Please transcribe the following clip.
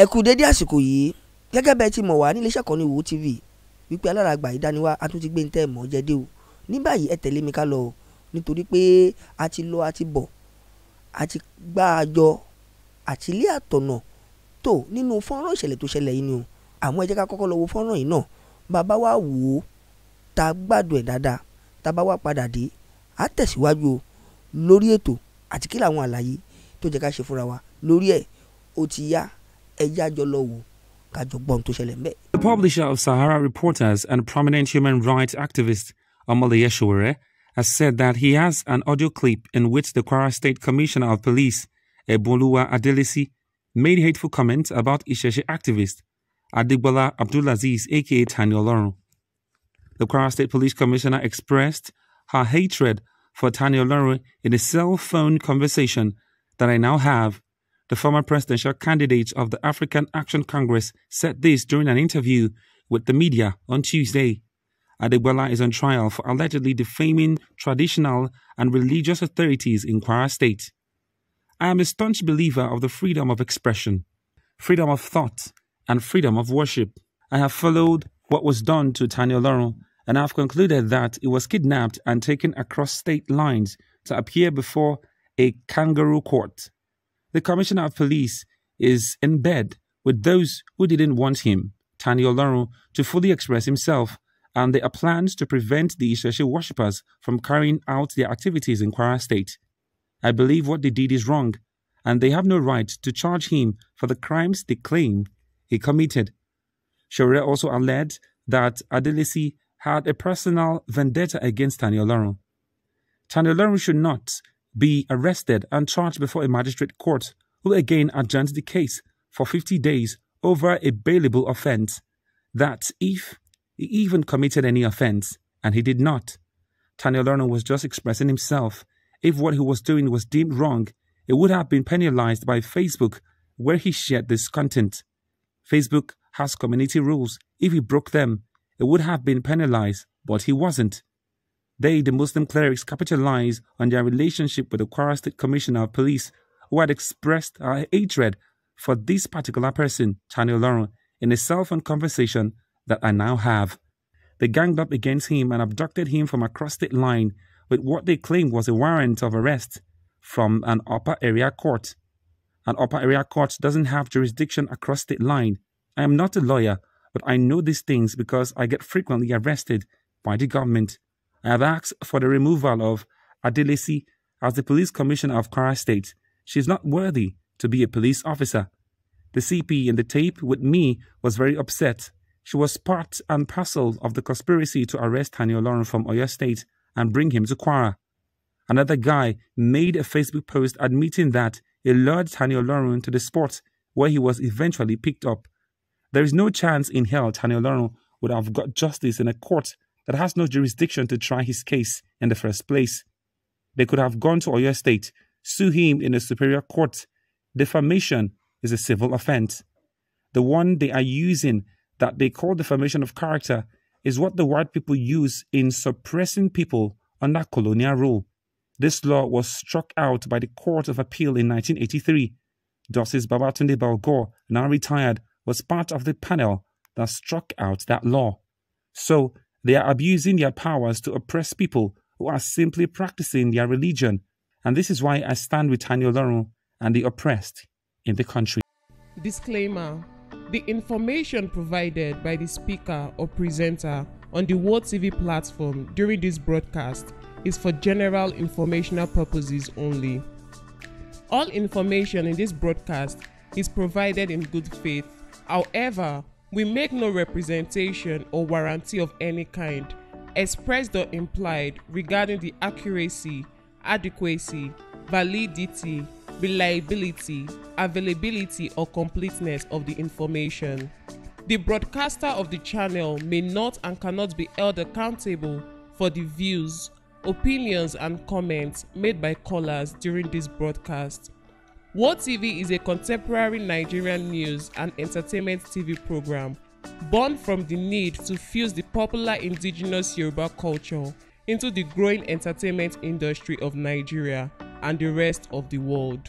ẹ kú dédé àsìkò yìí gẹ́gẹ́ bẹ́ẹ̀ ti mọ̀ wá ní iléeṣẹ́ kan ní Wo TV wípé aláràgbà ìdániwá a tún ti gbé ń tẹ́ mọ́ jẹ́dé o ní báyìí ẹ tẹ̀lé mi ká lọ o nítorí pé a ti lọ a ti bọ̀ a ti gbá a jọ àti ilé àtọ̀nà tó nínú fọ́nrán ìṣẹ̀lẹ̀ tó ṣẹlẹ̀ yìí ni o àmọ́ ẹ jẹ́ ká kọ́kọ́ lọ wo fọ́nrán yìí náà bàbá wa wò ó ta gbádùn ẹ̀ dáadáa tá a bá wá padà dé á tẹ̀síwájú o lórí ètò àti kí àlàyé tó jẹ́ ká ṣe fúnra wa lórí ẹ̀ ó ti yá The publisher of Sahara Reporters and prominent human rights activist Amale Yeshuere has said that he has an audio clip in which the Kwara State Commissioner of Police, Ebolua Adelisi, made hateful comments about Isheshe activist Adibola Abdulaziz, aka Tanya Lorun. The Kwara State Police Commissioner expressed her hatred for Tanya Lorun in a cell phone conversation that I now have the former presidential candidate of the African Action Congress said this during an interview with the media on Tuesday. Adebola is on trial for allegedly defaming traditional and religious authorities in Kwara State. I am a staunch believer of the freedom of expression, freedom of thought, and freedom of worship. I have followed what was done to Tanya Laurel, and I have concluded that it was kidnapped and taken across state lines to appear before a kangaroo court the Commissioner of Police is in bed with those who didn't want him, Tani Olaru, to fully express himself, and there are plans to prevent the Isheshe worshippers from carrying out their activities in Kwara State. I believe what they did is wrong, and they have no right to charge him for the crimes they claim he committed. Sharia also alleged that Adelisi had a personal vendetta against Tani Olaru. Tani Olaru should not be arrested and charged before a magistrate court who again adjourned the case for 50 days over a bailable offense that if he even committed any offense, and he did not. Tanya Lerner was just expressing himself. If what he was doing was deemed wrong, it would have been penalized by Facebook where he shared this content. Facebook has community rules. If he broke them, it would have been penalized, but he wasn't. They, the Muslim clerics, capitalized on their relationship with the Kwara State Commissioner of Police, who had expressed a hatred for this particular person, Tanya Lauren, in a cell phone conversation that I now have. They ganged up against him and abducted him from a cross state line with what they claimed was a warrant of arrest from an upper area court. An upper area court doesn't have jurisdiction across state line. I am not a lawyer, but I know these things because I get frequently arrested by the government. I have asked for the removal of Adelisi as the police commissioner of Kara State. She is not worthy to be a police officer. The CP in the tape with me was very upset. She was part and parcel of the conspiracy to arrest Hanyo Lauren from Oyo State and bring him to Kwara. Another guy made a Facebook post admitting that he lured Hanyo Lauren to the spot where he was eventually picked up. There is no chance in hell Hanyo Lauren would have got justice in a court that has no jurisdiction to try his case in the first place. They could have gone to Oyo State, sue him in a superior court. Defamation is a civil offense. The one they are using that they call defamation of character is what the white people use in suppressing people under colonial rule. This law was struck out by the Court of Appeal in 1983. Justice Babatunde Balgore, now retired, was part of the panel that struck out that law. So they are abusing their powers to oppress people who are simply practicing their religion. And this is why I stand with Daniel Lauren and the oppressed in the country. Disclaimer The information provided by the speaker or presenter on the World TV platform during this broadcast is for general informational purposes only. All information in this broadcast is provided in good faith. However, we make no representation or warranty of any kind, expressed or implied, regarding the accuracy, adequacy, validity, reliability, availability, or completeness of the information. The broadcaster of the channel may not and cannot be held accountable for the views, opinions, and comments made by callers during this broadcast. World TV is a contemporary Nigerian news and entertainment TV program born from the need to fuse the popular indigenous Yoruba culture into the growing entertainment industry of Nigeria and the rest of the world.